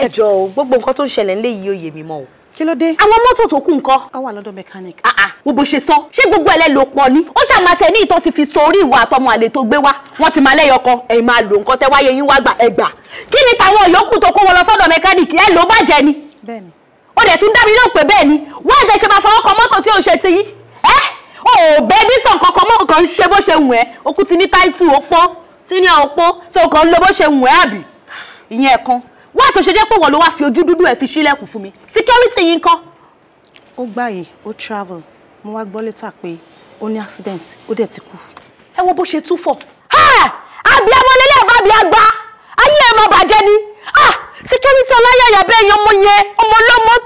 ẹ jọ o gbogbo nǹkan tó ń ṣẹlẹ̀ ńlẹ̀ yìí ò yé mi mọ́ o kí ló dé. àwọn mọ́tò tó kù ńkọ́. a wà lọ́dọ̀ mechanic. Ah, ah, wo bó ṣe sọ ṣé gbogbo ẹlẹ́ ló pọ̀ ni. ó ṣàmà tẹ̀ ní ìtọ́ ti fi sórí ìwà àtọmọ àlè tó gbé wá. wọ́n ti máa lẹ́yọ kan ẹ̀yìn máa lò nǹkan tẹ́ wáyé yín wá gbà ẹ gbà. kí ni tàwọn yòókù tó kó wọn lọ sọ́dọ̀ mechanic ẹ ló bàjẹ́ ni. bẹ́ẹ̀ni. ó dẹ̀ tún dá mi lóhùn ni wọ́n ẹ̀jẹ̀ ṣe máa fọwọ́ mọ́tò tí ò ṣe ti yín. ẹ ò bẹ́ẹ̀ ní sàn kankan mọ́ kàn ṣe bó ṣe wù ẹ́ okùn ti ní táìtù ó pọ́n sínú àwọn pọ́n so bó ṣe wù ẹ́ àbí ìyẹn ẹ̀kan wá tó ṣe jẹ́ pé wọ́n ló wá fi ojú dúdú ẹ̀ fi sílẹ̀kùn fún mi security yín kọ́. ó gbààyè ó travel mo wá gbọ́ létà pé ó ní accident ó dẹ̀ ti kú. ẹ wo bó ṣe tú fọ. àbí ọmọ lélẹ̀ àgbà ayé ẹ̀ mọ̀ bàjẹ́ ni ah! security ọláyàyà bẹ́ẹ̀ yan ọmọ yẹn ọmọ ọlọ́mọ